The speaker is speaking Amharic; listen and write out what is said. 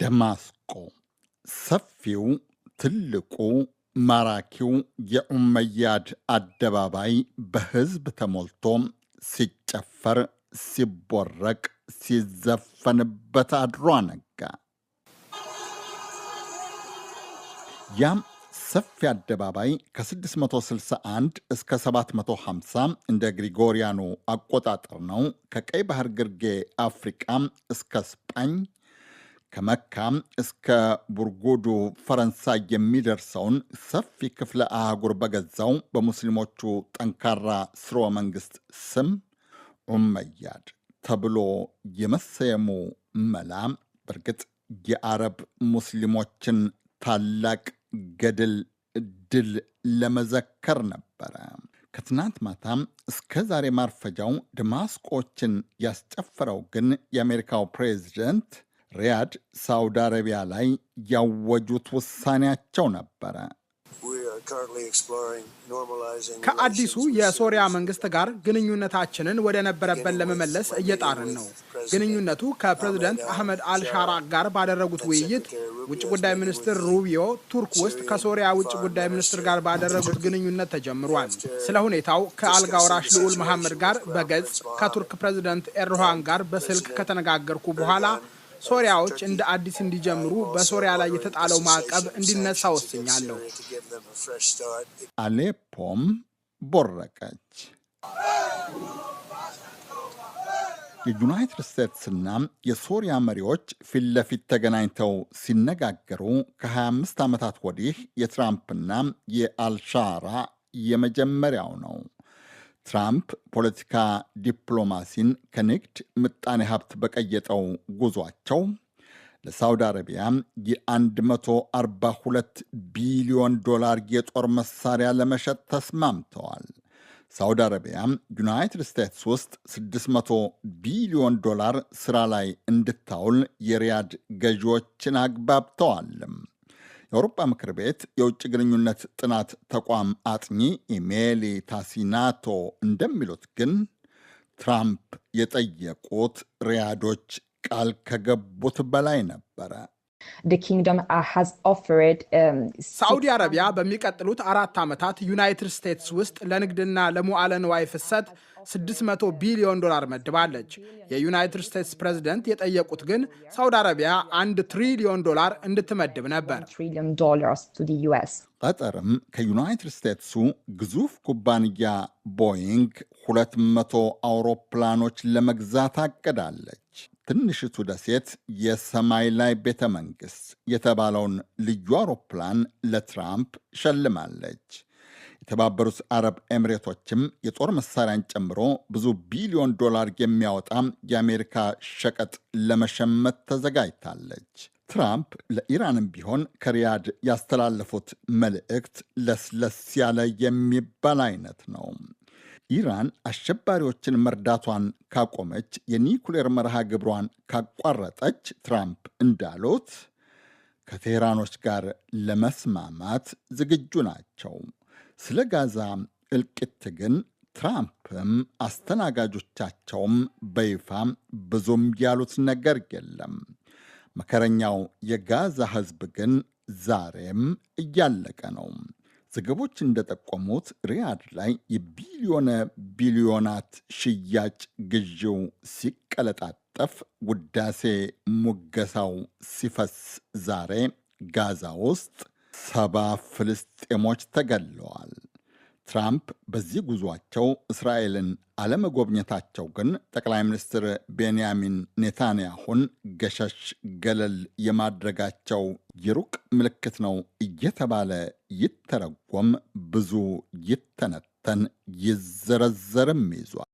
ደማስቆ ሰፊው ትልቁ ማራኪው የኡመያድ አደባባይ በሕዝብ ተሞልቶ ሲጨፈር፣ ሲቦረቅ፣ ሲዘፈንበት አድሮ አነጋ። ያም ሰፊ አደባባይ ከ661 እስከ 750 እንደ ግሪጎሪያኑ አቆጣጠር ነው። ከቀይ ባህር ግርጌ አፍሪቃ እስከ ስጳኝ ከመካም እስከ ቡርጉዱ ፈረንሳይ የሚደርሰውን ሰፊ ክፍለ አህጉር በገዛው በሙስሊሞቹ ጠንካራ ስርወ መንግስት ስም ዑመያድ ተብሎ የመሰየሙ መላ በእርግጥ የአረብ ሙስሊሞችን ታላቅ ገድል ድል ለመዘከር ነበረ። ከትናንት ማታም እስከ ዛሬ ማርፈጃው ደማስቆችን ያስጨፈረው ግን የአሜሪካው ፕሬዚደንት ሪያድ ሳውዲ አረቢያ ላይ ያወጁት ውሳኔያቸው ነበረ። ከአዲሱ የሶሪያ መንግስት ጋር ግንኙነታችንን ወደ ነበረበት ለመመለስ እየጣርን ነው። ግንኙነቱ ከፕሬዝደንት አህመድ አልሻራ ጋር ባደረጉት ውይይት ውጭ ጉዳይ ሚኒስትር ሩቢዮ ቱርክ ውስጥ ከሶሪያ ውጭ ጉዳይ ሚኒስትር ጋር ባደረጉት ግንኙነት ተጀምሯል። ስለ ሁኔታው ከአልጋ ልዑል መሐመድ ጋር በገጽ ከቱርክ ፕሬዝደንት ኤርዶሃን ጋር በስልክ ከተነጋገርኩ በኋላ ሶሪያዎች እንደ አዲስ እንዲጀምሩ በሶሪያ ላይ የተጣለው ማዕቀብ እንዲነሳ ወስኛለሁ። አሌፖም ቦረቀች። የዩናይትድ ስቴትስና የሶሪያ መሪዎች ፊት ለፊት ተገናኝተው ሲነጋገሩ ከ25 ዓመታት ወዲህ የትራምፕና የአልሻራ የመጀመሪያው ነው። ትራምፕ ፖለቲካ ዲፕሎማሲን ከንግድ ምጣኔ ሀብት በቀየጠው ጉዟቸው ለሳውዲ አረቢያ የ142 ቢሊዮን ዶላር የጦር መሳሪያ ለመሸጥ ተስማምተዋል። ሳውዲ አረቢያ ዩናይትድ ስቴትስ ውስጥ 600 ቢሊዮን ዶላር ስራ ላይ እንድታውል የሪያድ ገዢዎችን አግባብተዋልም። የአውሮፓ ምክር ቤት የውጭ ግንኙነት ጥናት ተቋም አጥኚ ኢሜሊ ታሲናቶ እንደሚሉት ግን ትራምፕ የጠየቁት ሪያዶች ቃል ከገቡት በላይ ነበረ። ሳውዲ አረቢያ uh, um, በሚቀጥሉት አራት ዓመታት ዩናይትድ ስቴትስ ውስጥ ለንግድና ለሙዓለ ንዋይ ፍሰት 600 ቢሊዮን ዶላር መድባለች። የዩናይትድ ስቴትስ ፕሬዝደንት የጠየቁት ግን ሳውዲ አረቢያ አንድ ትሪሊዮን ዶላር እንድትመድብ ነበር። ቀጠርም ከዩናይትድ ስቴትሱ ግዙፍ ኩባንያ ቦይንግ 200 አውሮፕላኖች ለመግዛት አቅዳለች። ትንሽቱ ደሴት የሰማይ ላይ ቤተ መንግሥት የተባለውን ልዩ አውሮፕላን ለትራምፕ ሸልማለች። የተባበሩት አረብ ኤምሬቶችም የጦር መሳሪያን ጨምሮ ብዙ ቢሊዮን ዶላር የሚያወጣ የአሜሪካ ሸቀጥ ለመሸመት ተዘጋጅታለች። ትራምፕ ለኢራንም ቢሆን ከሪያድ ያስተላለፉት መልእክት ለስለስ ያለ የሚባል አይነት ነው። ኢራን አሸባሪዎችን መርዳቷን ካቆመች፣ የኒኩሌር መርሃ ግብሯን ካቋረጠች ትራምፕ እንዳሉት ከቴህራኖች ጋር ለመስማማት ዝግጁ ናቸው። ስለ ጋዛ እልቂት ግን ትራምፕም አስተናጋጆቻቸውም በይፋ ብዙም ያሉት ነገር የለም። መከረኛው የጋዛ ሕዝብ ግን ዛሬም እያለቀ ነው። ዘገቦች እንደጠቆሙት ሪያድ ላይ የቢሊዮነ ቢሊዮናት ሽያጭ ግዢው ሲቀለጣጠፍ፣ ውዳሴ ሙገሳው ሲፈስ፣ ዛሬ ጋዛ ውስጥ ሰባ ፍልስጤሞች ተገለዋል። ትራምፕ በዚህ ጉዟቸው እስራኤልን አለመጎብኘታቸው ግን ጠቅላይ ሚኒስትር ቤንያሚን ኔታንያሁን ገሸሽ ገለል የማድረጋቸው የሩቅ ምልክት ነው እየተባለ ይተረጎም ብዙ ይተነተን ይዘረዘርም ይዟል።